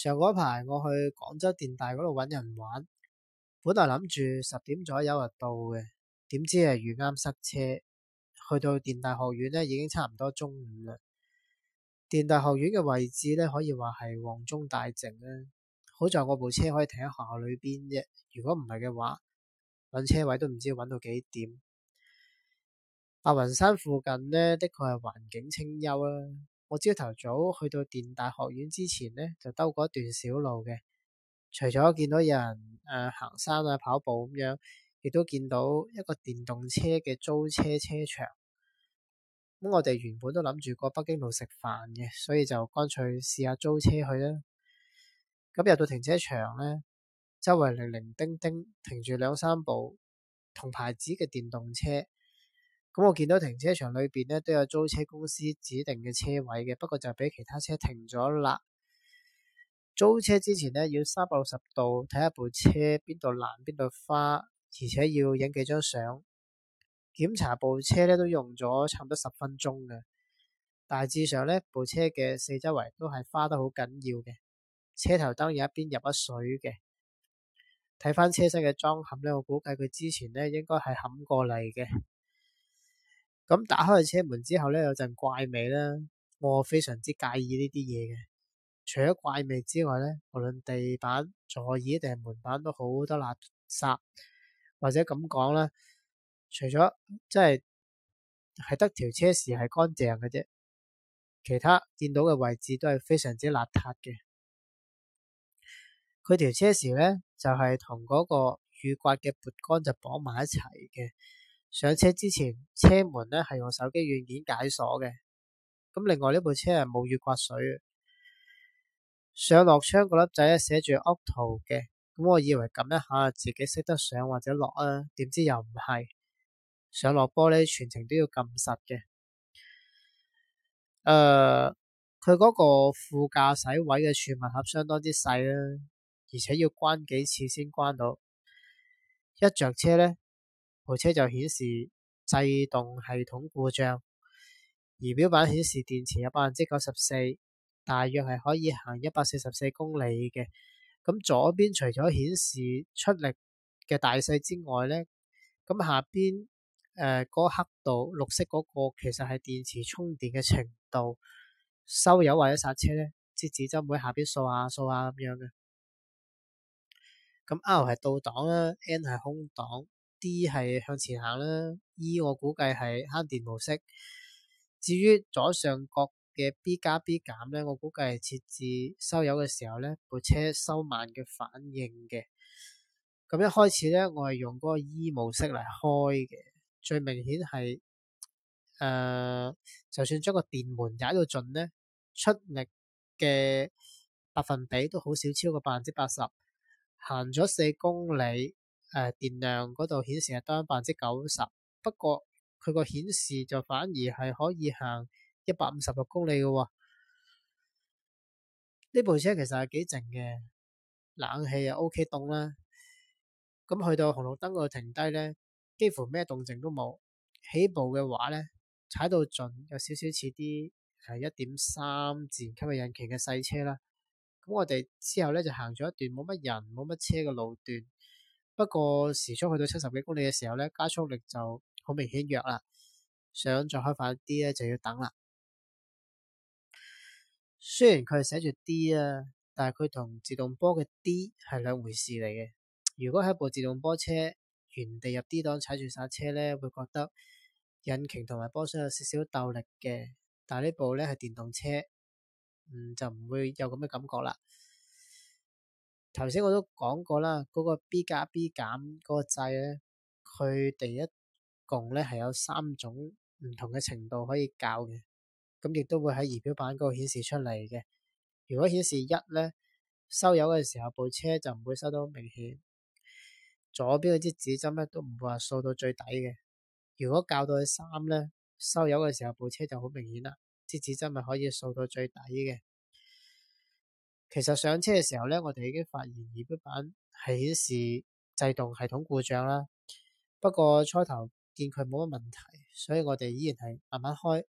上嗰排我去廣州電大嗰度揾人玩，本來諗住十點左右就到嘅，點知係遇啱塞車，去到電大學院呢已經差唔多中午啦。電大學院嘅位置呢可以話係旺中帶靜啦，好在我部車可以停喺學校裏邊啫，如果唔係嘅話，揾車位都唔知揾到幾點。白雲山附近呢，的確係環境清幽啊。我朝頭早去到電大學院之前呢，就兜過一段小路嘅。除咗見到有人、呃、行山啊、跑步咁樣，亦都見到一個電動車嘅租車車場。咁我哋原本都諗住過北京路食飯嘅，所以就乾脆試下租車去啦。咁入到停車場呢，周圍零零丁丁丁停住兩三部同牌子嘅電動車。咁我見到停車場裏邊呢，都有租車公司指定嘅車位嘅，不過就俾其他車停咗喇。租車之前呢，要三百六十度睇下部車邊度爛邊度花，而且要影幾張相。檢查部車呢，都用咗差唔多十分鐘嘅。大致上呢，部車嘅四周圍都係花得好緊要嘅，車頭燈有一邊入咗水嘅。睇翻車身嘅裝冚呢，我估計佢之前呢應該係冚過嚟嘅。咁打開車門之後咧，有陣怪味啦，我非常之介意呢啲嘢嘅。除咗怪味之外咧，無論地板、座椅定係門板都好多垃圾，或者咁講啦，除咗即係係得條車匙係乾淨嘅啫，其他見到嘅位置都係非常之邋遢嘅。佢條車匙咧就係同嗰個雨刮嘅撥杆就綁埋一齊嘅。上車之前，車門咧係用手機軟件解鎖嘅。咁另外呢部車係冇雨刮水。上落窗嗰粒仔咧寫住 auto 嘅，咁我以為撳一下自己識得上或者落啊，點知又唔係。上落玻璃全程都要撳實嘅。誒、呃，佢嗰個副駕駛位嘅儲物盒相當之細啦，而且要關幾次先關到。一着車呢。部車就顯示制動系統故障，儀表板顯示電池有百分之九十四，大約係可以行一百四十四公里嘅。咁左邊除咗顯示出力嘅大細之外咧，咁下邊誒嗰刻度綠色嗰個其實係電池充電嘅程度，收油或者剎車咧，指針都會下邊掃下掃下咁樣嘅。咁 R 係倒檔啦，N 係空檔。D 係向前行啦，E 我估計係慳電模式。至於左上角嘅 B 加 B 減咧，我估計係設置收油嘅時候咧，部車收慢嘅反應嘅。咁一開始咧，我係用嗰個 E 模式嚟開嘅，最明顯係誒、呃，就算將個電門踩到盡咧，出力嘅百分比都好少超過百分之八十，行咗四公里。誒、呃，電量嗰度顯示係多百分之九十，不過佢個顯示就反而係可以行一百五十六公里嘅喎、啊。呢部車其實係幾靜嘅，冷氣又 OK 凍啦、啊。咁去到紅綠燈嗰度停低咧，幾乎咩動靜都冇。起步嘅話咧，踩到盡，有少少似啲係一點三自然吸氣引擎嘅細車啦。咁我哋之後咧就行咗一段冇乜人冇乜車嘅路段。不過時速去到七十幾公里嘅時候呢，加速力就好明顯弱啦。想再開快啲呢，就要等啦。雖然佢係寫住 D 啊，但係佢同自動波嘅 D 係兩回事嚟嘅。如果係一部自動波車，原地入 D 檔踩住剎車呢，會覺得引擎同埋波箱有少少鬥力嘅。但係呢部呢係電動車，嗯，就唔會有咁嘅感覺啦。頭先我都講過啦，嗰個 B 加 B 減嗰個掣咧，佢第一共咧係有三種唔同嘅程度可以校嘅，咁亦都會喺儀表板嗰度顯示出嚟嘅。如果顯示一咧，收油嘅時候部車就唔會收到好明顯，左邊嗰啲指針咧都唔會話掃到最底嘅。如果校到去三咧，收油嘅時候部車就好明顯啦，啲指針咪可以掃到最底嘅。其實上車嘅時候呢，我哋已經發現儀表板係顯示制動系統故障啦。不過初頭見佢冇乜問題，所以我哋依然係慢慢開。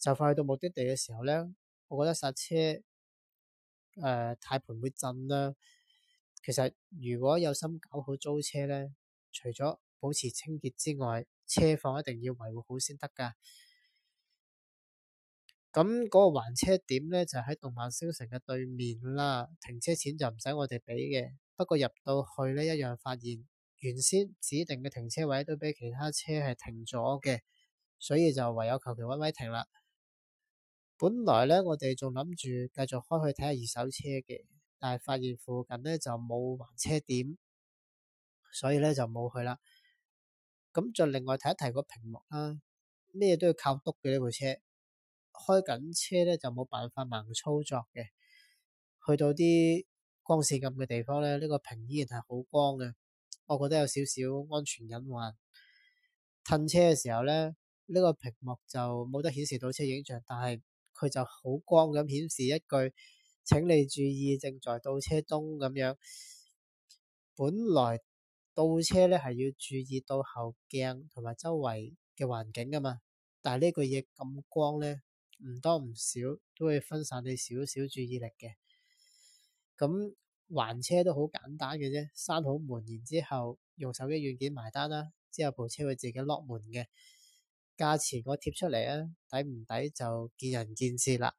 就快去到目的地嘅時候呢，我覺得剎車誒踏，呃、盤會震啦、啊。其實如果有心搞好租車呢，除咗保持清潔之外，車況一定要維護好先得㗎。咁嗰個還車點咧就喺動漫星城嘅對面啦。停車錢就唔使我哋俾嘅，不過入到去咧一樣發現原先指定嘅停車位都俾其他車係停咗嘅，所以就唯有求其揾位停啦。本來咧我哋仲諗住繼續開去睇下二手車嘅，但係發現附近咧就冇還車點，所以咧就冇去啦。咁就另外睇一睇個屏幕啦，咩都要靠篤嘅呢部車。開緊車咧就冇辦法盲操作嘅，去到啲光線暗嘅地方咧，呢個屏依然係好光嘅，我覺得有少少安全隱患。褪車嘅時候咧，呢個屏幕就冇得顯示倒車影像，但係佢就好光咁顯示一句，請你注意正在倒車中咁樣。本來倒車咧係要注意到後鏡同埋周圍嘅環境噶嘛，但係呢個嘢咁光咧。唔多唔少，都會分散你少少注意力嘅。咁還車都好簡單嘅啫，閂好門，然之後用手機軟件埋單啦，之後部車會自己落門嘅。價錢我貼出嚟啊，抵唔抵就見仁見智啦。